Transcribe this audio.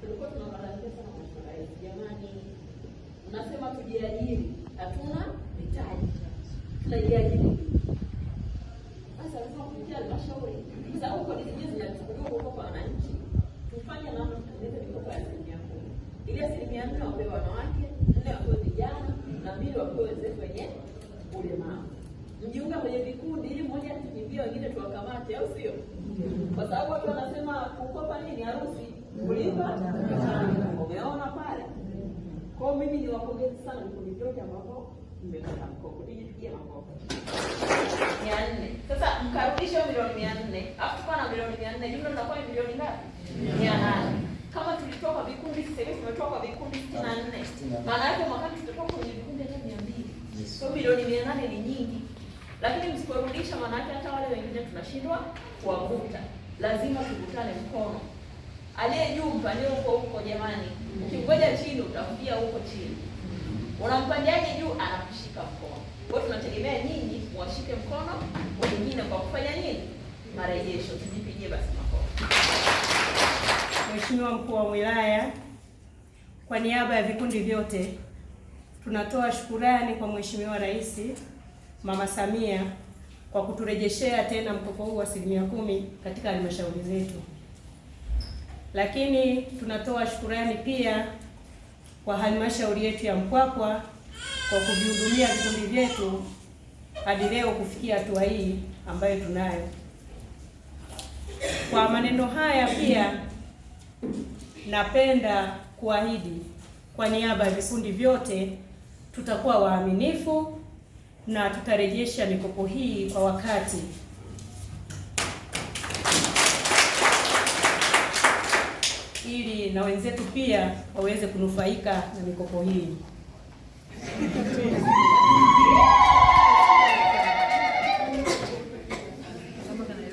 tulikuwa tunawalalamika sana Mheshimiwa Rais, jamani, unasema tujiajiri, hatuna mitaji, tunajiajiri. lazima kupitia halmashauri zinachukuliwa kwa wananchi, tufanye namna tutengeneze mikopo ya asilimia kumi, ili asilimia nne wapewe wanawake, nne wapewe vijana na mbili wapewe wenzetu wenye ulemavu. Mjiunga kwenye vikundi ili mmoja wengine tuwakamate, au sio? Kwa sababu watu wanasema kukopa nini umeona pale kwao. Mimi ni wapongezi sana kulivyote ambavyo mmepata mkopo, nijipigie makofi mia nne. Sasa mkarudisha milioni mia nne afu tukawa na milioni mia nne jumla tunakuwa ni milioni ngapi? mia nane kama tulitoa kwa vikundi, sasa hivi tumetoa kwa vikundi sitini na nne maana yake mwakani tutatoa kwenye vikundi hata mia mbili so milioni mia nane ni nyingi, lakini msiporudisha, maana yake hata wale wengine tunashindwa kuwavuta, lazima tukutane mkono aliye juu mpande huko huko, jamani. ukingoja chini utamfia huko chini. Unampandiaje juu? Anakushika mkono. Kwa hiyo tunategemea nyinyi washike mkono wengine kwa kufanya nini? Marejesho. Tujipigie basi makofi. Mheshimiwa Mkuu wa Wilaya, kwa niaba ya vikundi vyote tunatoa shukurani kwa Mheshimiwa Rais Mama Samia kwa kuturejeshea tena mkopo huu wa asilimia kumi katika halmashauri zetu. Lakini tunatoa shukurani pia kwa halmashauri yetu ya Mpwapwa kwa kuvihudumia vikundi vyetu hadi leo kufikia hatua hii ambayo tunayo. Kwa maneno haya pia napenda kuahidi kwa niaba ya vikundi vyote tutakuwa waaminifu na tutarejesha mikopo hii kwa wakati. ili na wenzetu pia waweze kunufaika na mikopo hii.